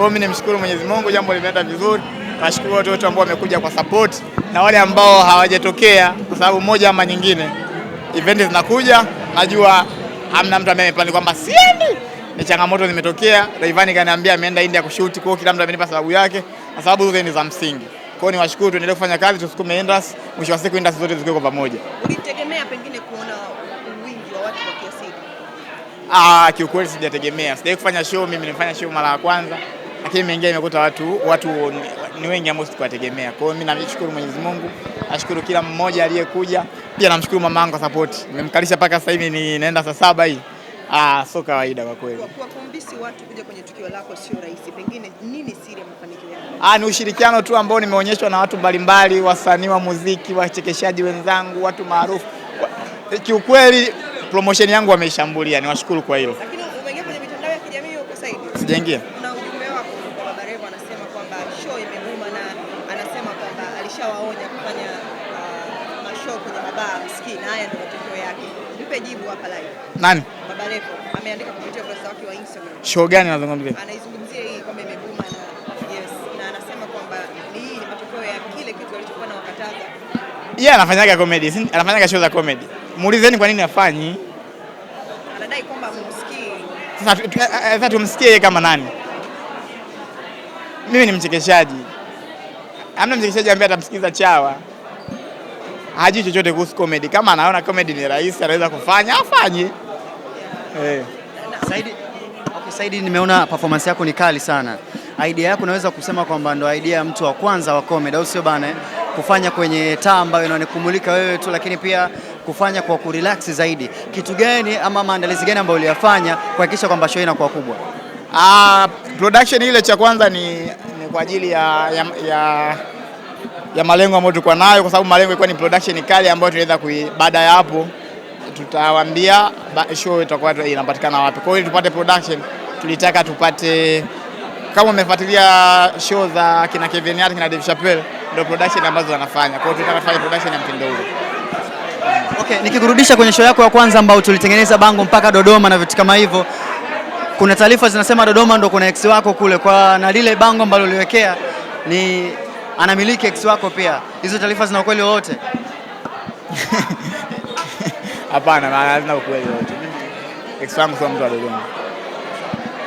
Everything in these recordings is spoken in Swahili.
Kwa hiyo mimi nimshukuru Mwenyezi Mungu, jambo limeenda vizuri. Nashukuru watu wote ambao wamekuja kwa support na wale ambao hawajatokea, kwa sababu moja ama nyingine event zinakuja. Najua hamna mtu ambaye amepanga kwamba siendi, ni changamoto zimetokea. Rayvanny kaniambia ameenda India kushoot, kwa kila mtu amenipa sababu yake, na sababu zote ni za msingi. Kwa hiyo niwashukuru, tuendelee kufanya kazi, tusukume industry, mwisho wa siku industry zote zikiwa kwa pamoja. Ulitegemea pengine kuona wingi wa watu kwa kiasi? Ah, kiukweli sijategemea, sijawahi kufanya show mimi, nimefanya show mara ya kwanza lakini mengine imekuta watu watu ni wengi ambao sikuwategemea. Kwa hiyo mimi namshukuru Mwenyezi Mungu, nashukuru kila mmoja aliyekuja, pia namshukuru mama kwa support. Nimemkalisha mpaka sasa hivi ni naenda saa saba hii. Ah, sio kawaida kwa kweli. Kwa kumbisi watu kuja kwenye tukio lako sio rahisi. Pengine nini siri ya mafanikio yako? Ah, ni ushirikiano tu ambao nimeonyeshwa na watu mbalimbali, wasanii wa muziki, wachekeshaji wenzangu, watu maarufu. Kiukweli promotion yangu wameishambulia, niwashukuru kwa hilo. Lakini umeingia kwenye mitandao ya kijamii uko saidi? Sijaingia. Instagram anasema kwamba show imeguma na anasema kwamba alishawaonya kufanya uh, mashow kwenye mabaa msikii na haya ndio matokeo yake. Nipe jibu hapa live. Nani? Baba Levo ameandika kupitia ukurasa wake wa Instagram. Show gani anazungumzia? Anaizungumzia hii kwamba imeguma na yes, na anasema kwamba ni hii matokeo ya kile kitu alichokuwa na wakataza. Yeye yeah, anafanyaga comedy, anafanyaga show za comedy. Muulizeni kwa nini afanyi? Anadai kwamba msikii. Eh, eh, sasa tumsikie kama nani? mimi ni mchekeshaji, hamna mchekeshaji ambaye atamsikiza chawa haji chochote kuhusu comedy. Kama anaona comedy ni rahisi, anaweza kufanya afanye. Eh, Saidi, okay, Saidi, nimeona performance yako ni kali sana. Idea yako naweza kusema kwamba ndo idea ya mtu wa kwanza wa comedy, au sio bana? Kufanya kwenye taa ambayo inaonekumulika wewe tu, lakini pia kufanya kwa kurelax zaidi. Kitu gani ama maandalizi gani ambayo uliyafanya kuhakikisha kwamba show inakuwa kubwa? Uh, production ile cha kwanza ni, ni kwa ajili ya, ya, ya, ya malengo ambayo tulikuwa nayo, kwa sababu malengo ilikuwa ni production kali ambayo tunaweza kui, baada ya hapo tutawaambia show itakuwa inapatikana wapi. Kwa hiyo tupate production, tulitaka tupate kama umefuatilia show za kina Kevin Hart kina Dave Chappelle, ndio production ambazo wanafanya. Kwa hiyo tunataka kufanya production ya mtindo huo. Okay, nikikurudisha kwenye show yako ya kwanza ambayo tulitengeneza bango mpaka Dodoma na vitu kama hivyo kuna taarifa zinasema Dodoma ndo kuna ex wako kule kwa na lile bango ambalo uliwekea ni anamiliki ex wako pia. Hizo taarifa zina ukweli wowote? Hapana, hazina ukweli wote. Ex wangu sio mtu wa Dodoma.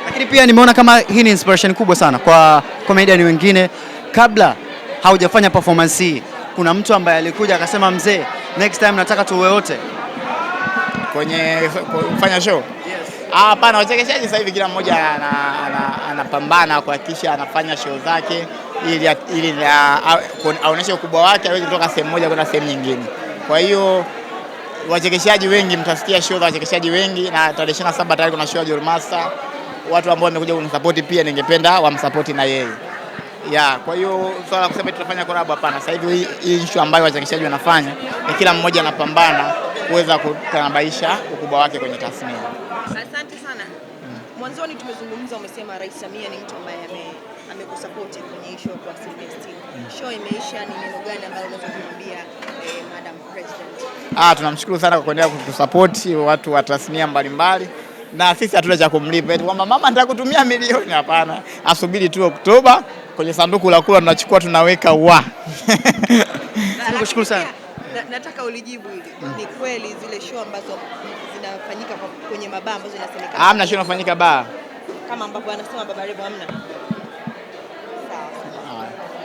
Lakini pia nimeona kama hii ni inspiration kubwa sana kwa comedian wengine. Kabla haujafanya performance hii, kuna mtu ambaye alikuja akasema, mzee, next time nataka tuwe wote kwenye kufanya show. Yes. Ah, hapana, wachekeshaji sasa hivi kila mmoja anapambana ana, ana kuhakikisha anafanya show zake ili, ili ah, aoneshe ukubwa wake, aweze kutoka sehemu moja kwenda sehemu nyingine. Kwa hiyo wachekeshaji wengi, mtasikia show za wachekeshaji wengi, na tarehe saba tayari kuna show ya Jormasa. Watu ambao wamekuja kunisupport pia ningependa wamsapoti na yeye ya kwa hiyo swala la kusema tunafanya collab, hapana. Sasa hivi hii issue ambayo wachekeshaji wanafanya ni kila mmoja anapambana kuweza kutambaisha ukubwa wake kwenye tasnia. Asante sana. Mm. Mwanzoni tumezungumza, umesema Rais Samia ni mtu ambaye ame amekusapoti kwenye show kwa asilimia sitini. Mm. Show imeisha, ni neno gani ambalo unazungumzia eh, Madam President? Ah, tunamshukuru sana kwa kuendelea kutusapoti watu wa tasnia mbalimbali na sisi hatuna cha kumlipa eti kwamba mama nitakutumia milioni. Hapana, asubiri tu Oktoba kwenye sanduku la kula tunachukua tunaweka wa. Nakushukuru sana na, nataka ulijibu hili mm. Ni kweli zile show ambazo zinafanyika kwenye mabaa ambazo zinasemekana hamna show inafanyika baa kama ambavyo anasema Baba Levo hamna